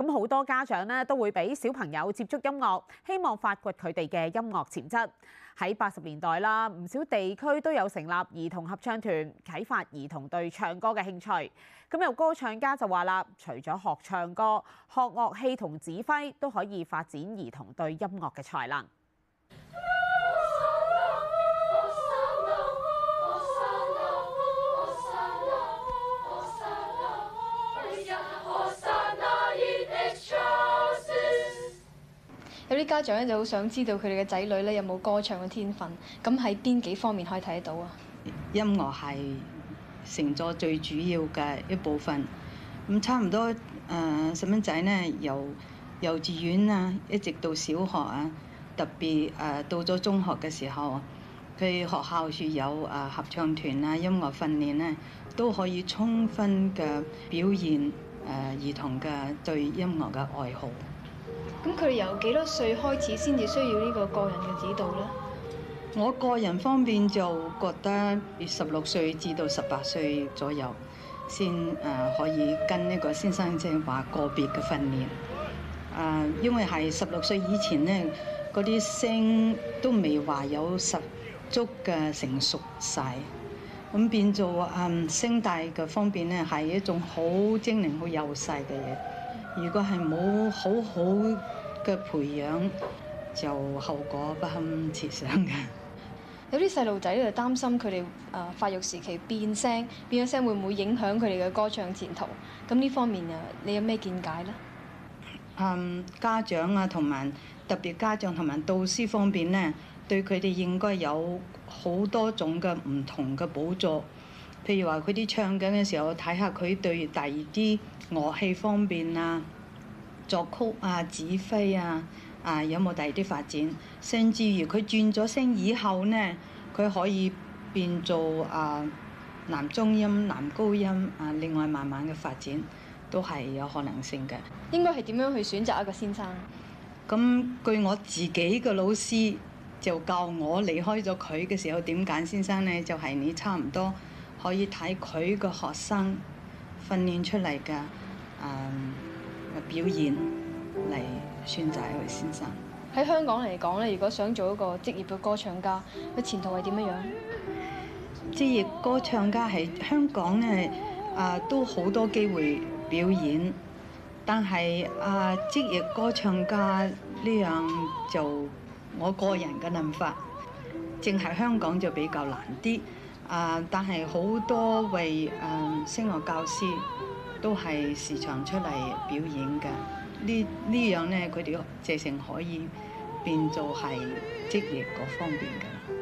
咁好多家長呢都會俾小朋友接觸音樂，希望發掘佢哋嘅音樂潛質。喺八十年代啦，唔少地區都有成立兒童合唱團，啟發兒童對唱歌嘅興趣。咁有歌唱家就話啦，除咗學唱歌、學樂器同指揮，都可以發展兒童對音樂嘅才能。啲家長咧就好想知道佢哋嘅仔女咧有冇歌唱嘅天分，咁喺邊幾方面可以睇得到啊？音樂係成咗最主要嘅一部分。咁差唔多誒，細、呃、蚊仔咧由幼稚園啊，一直到小學啊，特別誒、呃、到咗中學嘅時候，佢學校處有誒、呃、合唱團啊、音樂訓練咧，都可以充分嘅表現誒、呃、兒童嘅對音樂嘅愛好。咁佢由幾多歲開始先至需要呢個個人嘅指導咧？我個人方面就覺得，十六歲至到十八歲左右先誒可以跟呢個先生即係話個別嘅訓練。誒、啊，因為係十六歲以前咧，嗰啲聲都未話有十足嘅成熟晒，咁變做誒聲帶嘅方面咧係一種好精靈、好幼細嘅嘢。如果係冇好好嘅培養，就後果不堪設想嘅。有啲細路仔就擔心佢哋啊發育時期變聲，變咗聲會唔會影響佢哋嘅歌唱前途？咁呢方面啊，你有咩見解呢？嗯，家長啊，同埋特別家長同埋導師方面咧，對佢哋應該有好多種嘅唔同嘅補助。譬如話佢啲唱緊嘅時候，睇下佢對第二啲樂器方面啊、作曲啊、指揮啊，啊有冇第二啲發展？甚至於佢轉咗聲以後呢，佢可以變做啊男中音、男高音啊，另外慢慢嘅發展都係有可能性嘅。應該係點樣去選擇一個先生？咁據我自己嘅老師就教我離開咗佢嘅時候點揀先生呢？就係、是、你差唔多。可以睇佢個學生訓練出嚟嘅誒表演嚟選擇一位先生。喺香港嚟講咧，如果想做一個職業嘅歌唱家，個前途係點樣樣？職業歌唱家喺香港咧啊、呃，都好多機會表演，但係啊、呃，職業歌唱家呢樣就我個人嘅諗法，淨係香港就比較難啲。啊、呃！但係好多位誒聲樂教師都係時常出嚟表演嘅，呢呢樣咧，佢哋直情可以變做係職業嗰方面嘅。